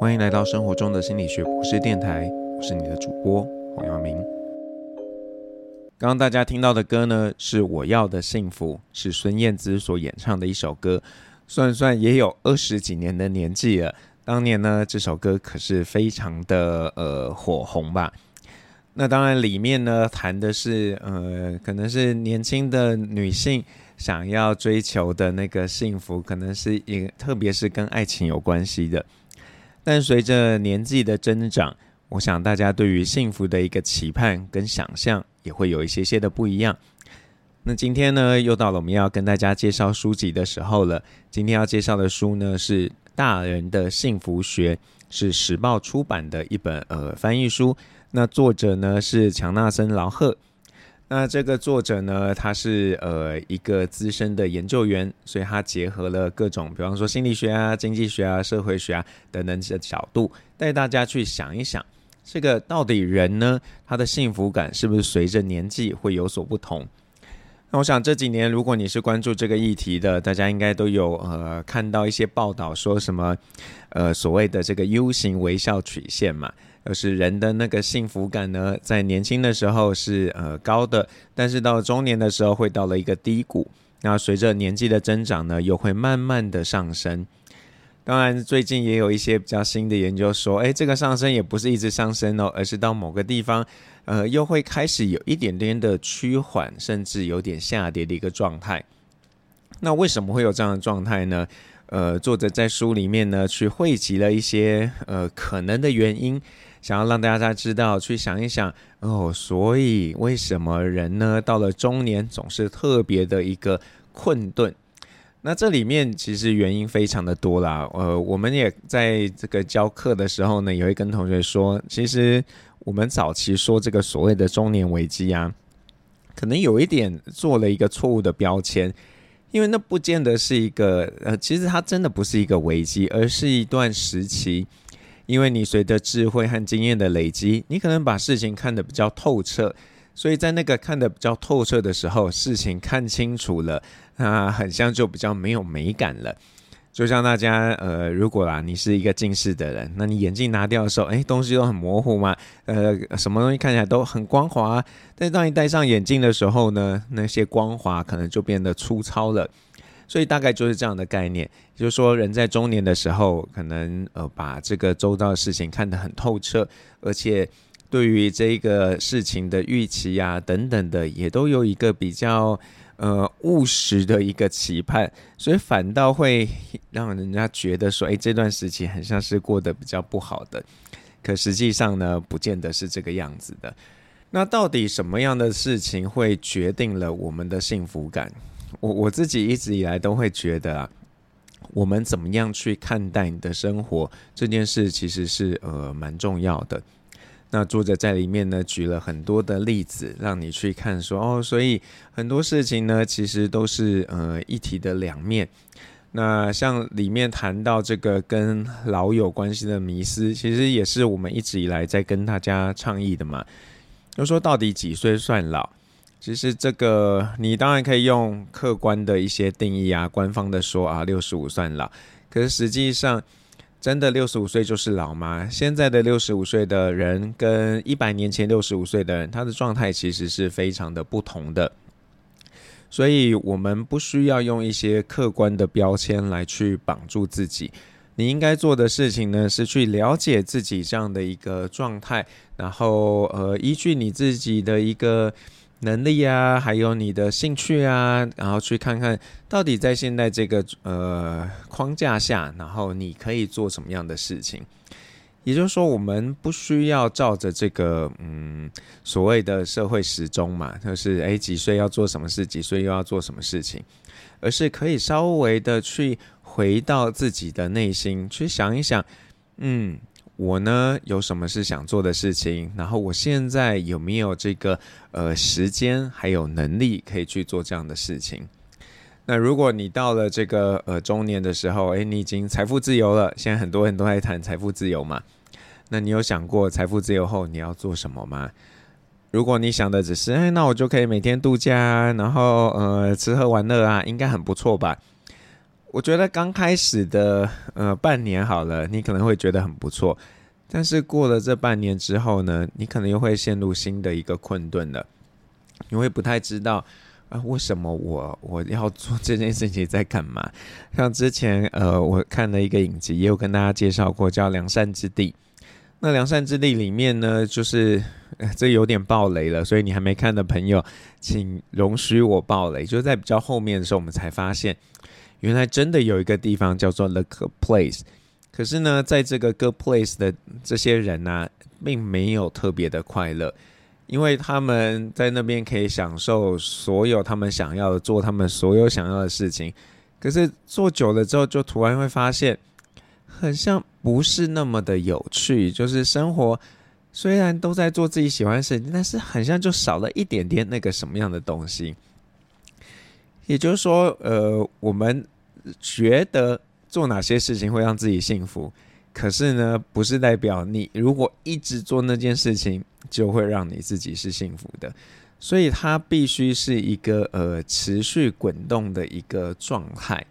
歡迎來到生活中的心理學博士電台，我是你的主播黃耀明。剛剛大家聽到的歌呢，是《我要的幸福》，是孫燕姿所演唱的一首歌，算算也有二十幾年的年紀了。當年呢，這首歌可是非常的呃火紅吧？那當然，裡面呢談的是呃，可能是年輕的女性想要追求的那個幸福，可能是一特別是跟愛情有關係的。但隨着年紀的增長，我想大家對於幸福的一個期盼跟想象也會有一些些的不一樣。那今天呢，又到了我們要跟大家介紹書籍的時候了。今天要介紹的書呢，是《大人的幸福學》，是時報出版的一本呃翻譯書。那作者呢，是強納森勞赫。那這個作者呢，他是呃一個資深的研究員，所以他結合了各種，比方說心理學啊、經濟學啊、社會學啊等等的角度，帶大家去想一想，這個到底人呢，他的幸福感是不是隨着年紀會有所不同？那我想這幾年如果你是關注這個議題的，大家應該都有呃看到一些報道說什麼，呃所謂的這個 U 型微笑曲線嘛。而是人的那個幸福感呢，在年輕的時候是呃高的，但是到中年的時候會到了一個低谷，那隨着年紀的增長呢，又會慢慢的上升。當然，最近也有一些比較新的研究說，哎，這個上升也不是一直上升哦，而是到某個地方，呃，又會開始有一點點的趨緩，甚至有點下跌的一個狀態。那為什麼會有這樣的狀態呢？呃，作者在書裡面呢，去匯集了一些呃可能的原因。想要讓大家知道，去想一想哦，所以為什麼人呢到了中年總是特別的一個困頓？那這裡面其實原因非常的多啦。呃，我們也在這個教課的時候呢，也會跟同學說，其實我們早期說這個所謂的中年危機啊，可能有一點做了一個錯誤的標籤，因為那不見得是一個呃，其實它真的不是一個危機，而是一段時期。因為你隨着智慧和經驗的累積，你可能把事情看得比較透徹，所以在那個看得比較透徹的時候，事情看清楚了，那很像就比較沒有美感了。就像大家，呃，如果啦，你是一個近視的人，那你眼鏡拿掉的時候，哎，東西都很模糊嘛，呃，什麼東西看起來都很光滑啊。但當你戴上眼鏡的時候呢，那些光滑可能就變得粗糙了。所以大概就是這樣的概念，也就是說人在中年的時候，可能呃把這個周遭的事情看得很透徹，而且對於這個事情的預期呀、啊、等等的，也都有一個比較呃務實的一個期盼，所以反倒會讓人家覺得說，哎，這段時期很像是過得比較不好的，可實際上呢，不見得是這個樣子的。那到底什麼樣的事情會決定了我們的幸福感？我我自己一直以來都會覺得啊，我們怎麼樣去看待你的生活這件事，其實是呃蠻重要的。那作者在裡面呢舉了很多的例子，讓你去看說哦，所以很多事情呢，其實都是呃一體的兩面。那像裡面談到這個跟老有關係的迷思，其實也是我們一直以來在跟大家倡議的嘛。就說到底幾歲算老？其實這個你當然可以用客觀的一些定義啊，官方的說啊，六十五算老。可是實際上，真的六十五歲就是老嗎？現在的六十五歲的人跟一百年前六十五歲的人，他的狀態其實是非常的不同的。所以，我們不需要用一些客觀的標籤來去綁住自己。你應該做的事情呢，是去了解自己這樣的一個狀態，然後呃，依據你自己的一個。能力呀、啊，還有你的興趣啊，然後去看看到底在現在這個呃框架下，然後你可以做什麼樣的事情。也就是說，我們不需要照着這個嗯所謂的社會時鐘嘛，就是誒幾歲要做什麼事，幾歲又要做什麼事情，而是可以稍微的去回到自己的內心去想一想，嗯。我呢，有什麼是想做的事情？然後我現在有沒有這個呃時間還有能力可以去做這樣的事情？那如果你到了這個呃中年的時候，誒，你已經財富自由了，現在很多人都在談財富自由嘛，那你有想過財富自由後你要做什麼嗎？如果你想的只是誒，那我就可以每天度假，然後呃吃喝玩樂啊，應該很不錯吧？我覺得剛開始的呃半年好了，你可能會覺得很不錯，但是過了這半年之後呢，你可能又會陷入新的一個困頓了，你會不太知道啊、呃、為什麼我我要做這件事情在幹嘛？像之前呃我看了一個影集，也有跟大家介紹過，叫《良善之地》。那《良善之地》裡面呢，就是、呃、這有點爆雷了，所以你還沒看的朋友，請容許我爆雷，就在比較後面的時候，我們才發現。原來真的有一個地方叫做 The Good Place，可是呢，在這個 Good Place 的這些人呢、啊，並沒有特別的快樂，因為他們在那邊可以享受所有他們想要的，做他們所有想要的事情。可是做久了之後，就突然會發現，好像不是那麼的有趣。就是生活雖然都在做自己喜歡的事情，但是好像就少了一點點那個什麼樣的東西。也就是說，呃，我們覺得做哪些事情會讓自己幸福，可是呢，不是代表你如果一直做那件事情，就會讓你自己是幸福的。所以它必須是一個呃，持續滾動的一個狀態。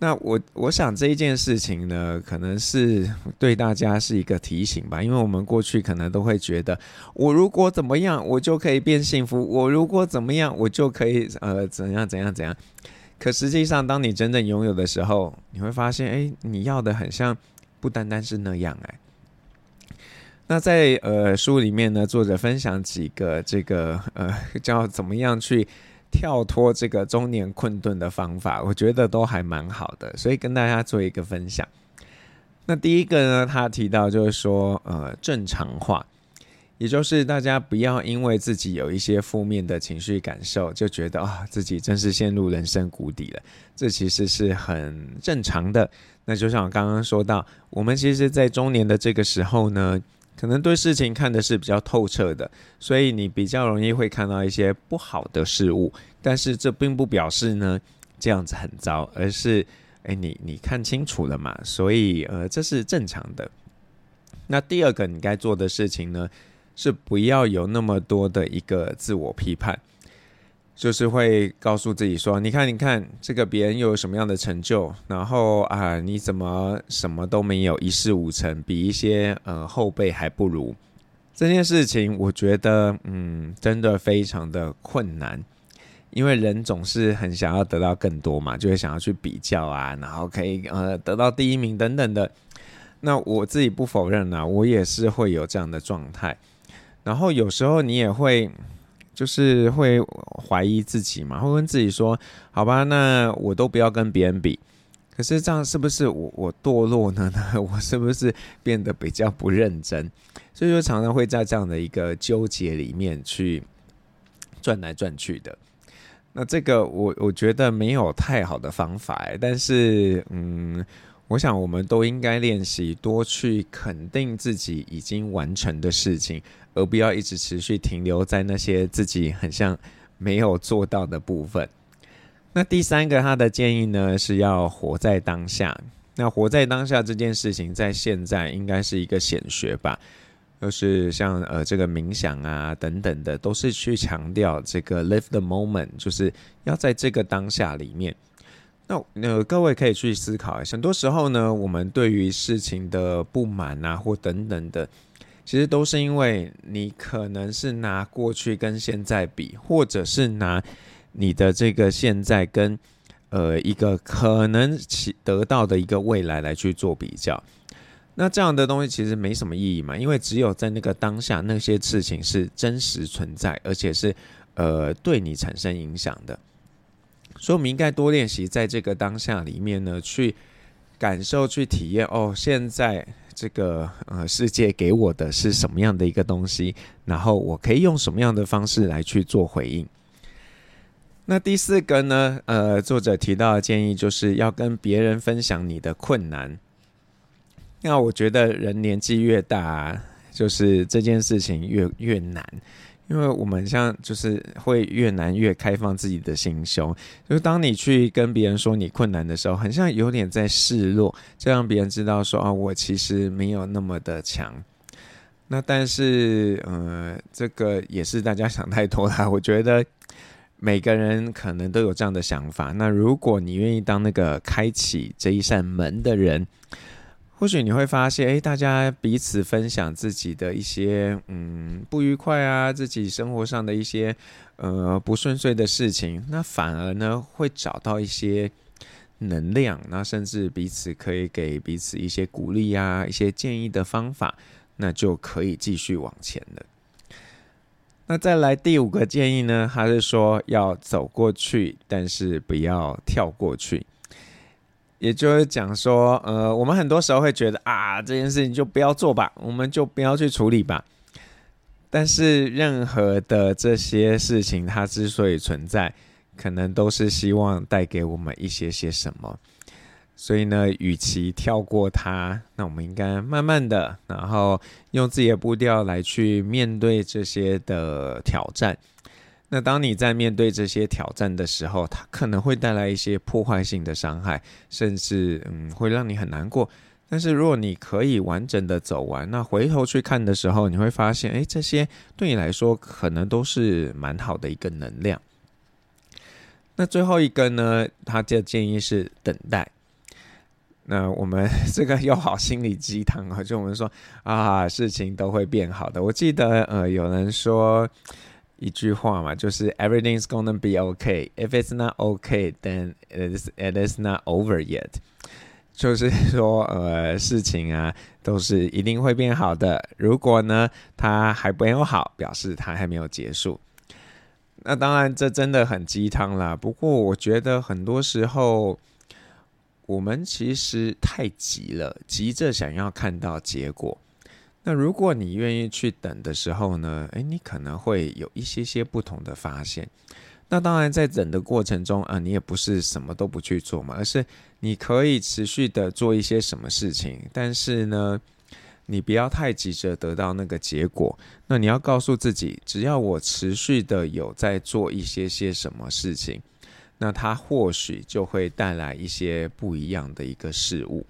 那我我想這一件事情呢，可能是對大家是一個提醒吧，因為我們過去可能都會覺得，我如果怎麼樣，我就可以變幸福；我如果怎麼樣，我就可以呃怎樣怎樣怎樣。可實際上，當你真正擁有的時候，你會發現，哎，你要的很像不單單是那樣哎、欸。那在呃書裡面呢，作者分享幾個這個呃叫怎麼樣去。跳脫這個中年困頓的方法，我覺得都還蠻好的，所以跟大家做一個分享。那第一個呢，他提到就是說，呃，正常化，也就是大家不要因為自己有一些負面的情緒感受，就覺得啊、哦、自己真是陷入人生谷底了。這其實是很正常的。那就像我剛剛說到，我們其實，在中年的這個時候呢。可能對事情看的是比較透徹的，所以你比較容易會看到一些不好的事物，但是這並不表示呢這樣子很糟，而是誒、欸，你你看清楚了嘛，所以呃這是正常的。那第二個你該做的事情呢，是不要有那麼多的一個自我批判。就是會告訴自己說：“你看，你看，這個別人又有什麼樣的成就？然後啊，你怎麼什麼都沒有，一事無成，比一些呃後輩還不如？”這件事情，我覺得，嗯，真的非常的困難，因為人總是很想要得到更多嘛，就會想要去比較啊，然後可以呃得到第一名等等的。那我自己不否認呢啊，我也是會有這樣的狀態。然後有時候你也會。就是會懷疑自己嘛，會跟自己說：“好吧，那我都不要跟別人比。”可是這樣是不是我我墮落了呢？我是不是變得比較不認真？所以說常常會在這樣的一個糾結裡面去轉來轉去的。那這個我我覺得沒有太好的方法，但是嗯，我想我們都應該練習多去肯定自己已經完成的事情。而不要一直持續停留在那些自己很像沒有做到的部分。那第三個他的建議呢，是要活在當下。那活在當下這件事情，在現在應該是一個顯學吧，就是像呃這個冥想啊等等的，都是去強調這個 live the moment，就是要在這個當下裡面。那呃各位可以去思考，很多時候呢，我們對於事情的不滿啊，或等等的。其實都是因為你可能是拿過去跟現在比，或者是拿你的這個現在跟呃一個可能其得到的一個未來來去做比較，那這樣的東西其實沒什麼意義嘛。因為只有在那個當下，那些事情是真實存在，而且是呃對你產生影響的，所以我們應該多練習在這個當下裡面呢，去感受、去體驗。哦，現在。這個呃，世界給我的是什麼樣的一個東西？然後我可以用什麼樣的方式來去做回應？那第四個呢？呃，作者提到的建議就是要跟別人分享你的困難。那我覺得人年紀越大啊，就是這件事情越越難。因為我們像就是會越難越開放自己的心胸，就是當你去跟別人說你困難的時候，很像有點在示弱，讓別人知道說啊，我其實沒有那麼的強。那但是，嗯、呃，這個也是大家想太多了。我覺得每個人可能都有這樣的想法。那如果你願意當那個開啟這一扇門的人，或許你會發現，哎、欸，大家彼此分享自己的一些嗯不愉快啊，自己生活上的一些呃不順遂的事情，那反而呢會找到一些能量，那甚至彼此可以給彼此一些鼓勵啊，一些建議的方法，那就可以繼續往前了。那再來第五個建議呢，還是說要走過去，但是不要跳過去。也就是講說，呃，我們很多時候會覺得啊，這件事情就不要做吧，我們就不要去處理吧。但是，任何的這些事情，它之所以存在，可能都是希望帶給我們一些些什麼。所以呢，與其跳過它，那我們應該慢慢的，然後用自己的步調來去面對這些的挑戰。那當你在面對這些挑戰的時候，它可能會帶來一些破壞性的傷害，甚至嗯，會讓你很難過。但是如果你可以完整的走完，那回頭去看的時候，你會發現，哎、欸，這些對你來說可能都是蠻好的一個能量。那最後一個呢，他的建議是等待。那我們這個有好心理雞湯啊，就我們說啊，事情都會變好的。我記得呃，有人說。一句話嘛，就是 “everything's gonna be okay”。If it's not okay, then it is it is not over yet。就是說，呃，事情啊，都是一定會變好的。如果呢，它還沒有好，表示它還沒有結束。那當然，這真的很雞湯啦。不過，我覺得很多時候我們其實太急了，急着想要看到結果。那如果你願意去等的時候呢，誒、欸，你可能會有一些些不同的發現。那當然，在等的過程中啊，你也不是什麼都不去做嘛，而是你可以持續的做一些什麼事情。但是呢，你不要太急着得到那個結果。那你要告訴自己，只要我持續的有在做一些些什麼事情，那它或許就會帶來一些不一樣的一個事物。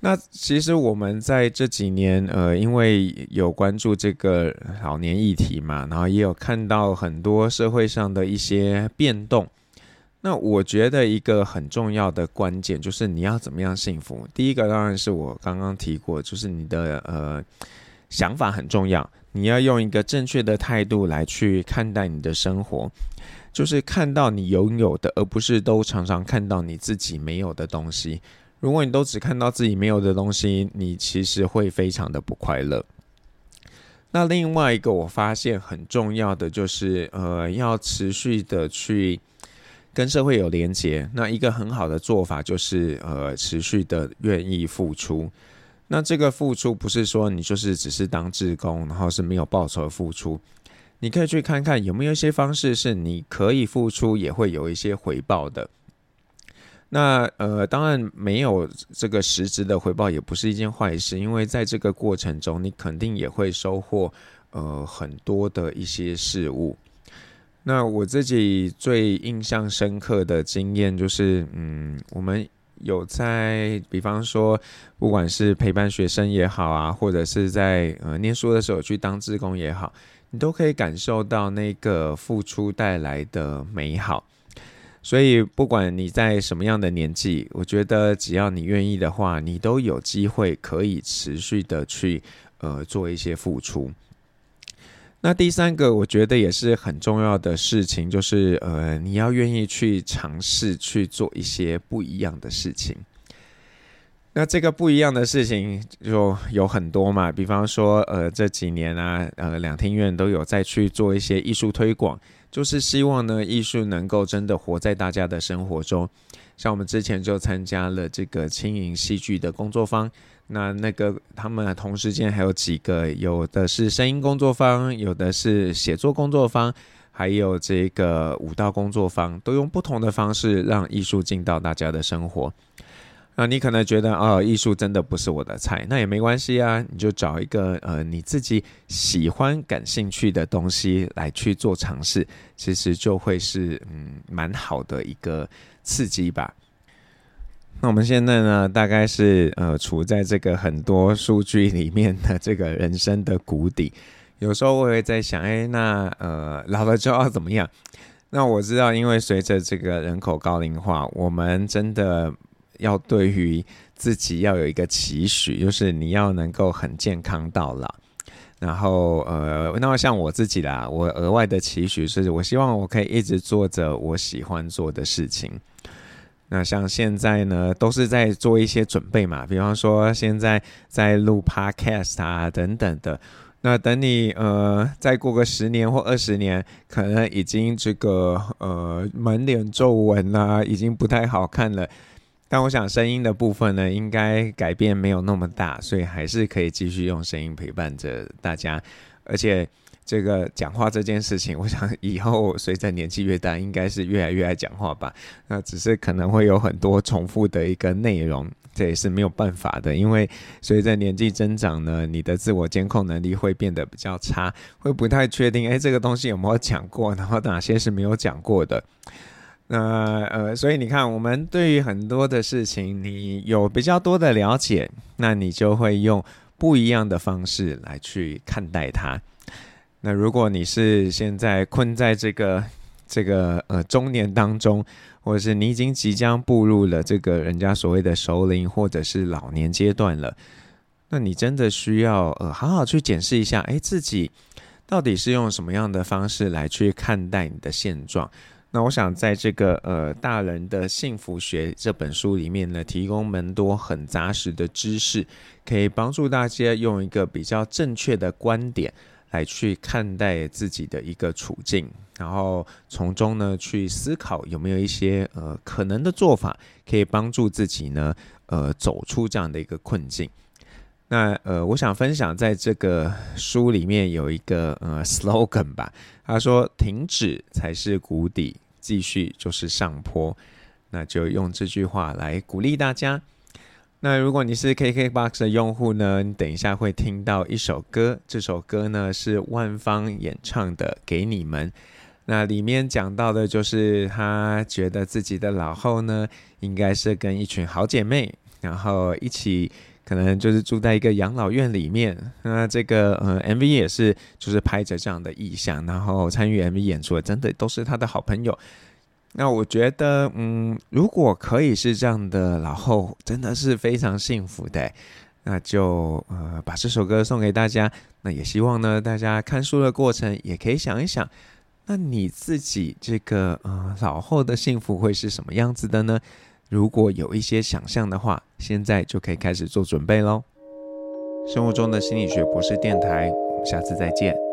那其實我們在這幾年，呃，因為有關注這個老年議題嘛，然後也有看到很多社會上的一些變動。那我覺得一個很重要的關鍵就是你要怎麼樣幸福。第一個當然是我剛剛提過，就是你的呃想法很重要，你要用一個正確的態度來去看待你的生活，就是看到你擁有的，而不是都常常看到你自己沒有的東西。如果你都只看到自己沒有的東西，你其實會非常的不快樂。那另外一個我發現很重要的就是，呃，要持續的去跟社會有連接。那一個很好的做法就是，呃，持續的願意付出。那這個付出不是說你就是只是當志工，然後是沒有報酬付出。你可以去看看有沒有一些方式是你可以付出，也會有一些回報的。那呃，當然沒有這個實質的回報，也不是一件壞事，因為在這個過程中，你肯定也會收穫呃很多的一些事物。那我自己最印象深刻的經驗就是，嗯，我們有在，比方說，不管是陪伴學生也好啊，或者是在呃念書的時候去當志工也好，你都可以感受到那個付出帶來的美好。所以，不管你在什麼樣的年紀，我覺得只要你願意的話，你都有機會可以持續的去，呃，做一些付出。那第三個，我覺得也是很重要的事情，就是呃，你要願意去嘗試去做一些不一樣的事情。那這個不一樣的事情就有很多嘛，比方說，呃，這幾年啊，呃，兩廳院都有在去做一些藝術推廣。就是希望呢，藝術能夠真的活在大家的生活中。像我們之前就參加了這個輕盈戲劇的工作坊，那那個他們同時間還有幾個，有的是聲音工作坊，有的是寫作工作坊，還有這個舞蹈工作坊，都用不同的方式讓藝術進到大家的生活。那你可能覺得哦，藝術真的不是我的菜，那也沒關係啊，你就找一個呃你自己喜歡、感興趣的東西來去做嘗試，其實就會是嗯蠻好的一個刺激吧。那我們現在呢，大概是呃處在這個很多數據裡面的這個人生的谷底，有時候我也在想，欸，那呃老了就要怎麼樣？那我知道，因為隨着這個人口高齡化，我們真的。要對於自己要有一個期許，就是你要能夠很健康到老。然後，呃，那像我自己啦，我額外的期許是我希望我可以一直做着我喜歡做的事情。那像現在呢，都是在做一些準備嘛，比方說現在在錄 Podcast 啊等等的。那等你呃，再過個十年或二十年，可能已經這個呃滿臉皺紋啦，已經不太好看了。但我想聲音的部分呢，應該改變沒有那麼大，所以還是可以繼續用聲音陪伴着大家。而且這個講話這件事情，我想以後隨着年紀越大，應該是越來越愛講話吧？那只是可能會有很多重複的一個內容，這也是沒有辦法的，因為隨着年紀增長呢，你的自我監控能力會變得比較差，會不太確定，哎，這個東西有沒有講過，然後哪些是沒有講過的。那呃，所以你看，我們對於很多的事情，你有比較多的了解，那你就會用不一樣的方式來去看待它。那如果你是現在困在這個這個呃中年當中，或者是你已經即將步入了這個人家所謂的熟齡或者是老年階段了，那你真的需要呃好好去檢視一下，哎、欸，自己到底是用什麼樣的方式來去看待你的現狀。那我想在這個呃《大人的幸福學》這本書裡面呢，提供蠻多很扎實的知識，可以幫助大家用一個比較正確的觀點來去看待自己的一個處境，然後從中呢去思考有沒有一些呃可能的做法，可以幫助自己呢呃走出這樣的一個困境。那呃，我想分享在這個書裡面有一個呃 slogan 吧，他說“停止才是谷底，繼續就是上坡”，那就用這句話來鼓勵大家。那如果你是 KKBOX 的用戶呢，你等一下會聽到一首歌，這首歌呢是萬芳演唱的《給你們》，那裡面講到的就是他覺得自己的老後呢，應該是跟一群好姐妹，然後一起。可能就是住在一個養老院裡面，那這個呃 MV 也是就是拍着這樣的意象，然後參與 MV 演出的真的都是他的好朋友。那我覺得，嗯，如果可以是這樣的老後，真的是非常幸福的欸。那就呃把這首歌送給大家，那也希望呢大家看書的過程也可以想一想，那你自己這個呃老後的幸福會是什麼樣子的呢？如果有一些想象的話，現在就可以開始做準備嘍。生活中的心理學博士電台，我們下次再見。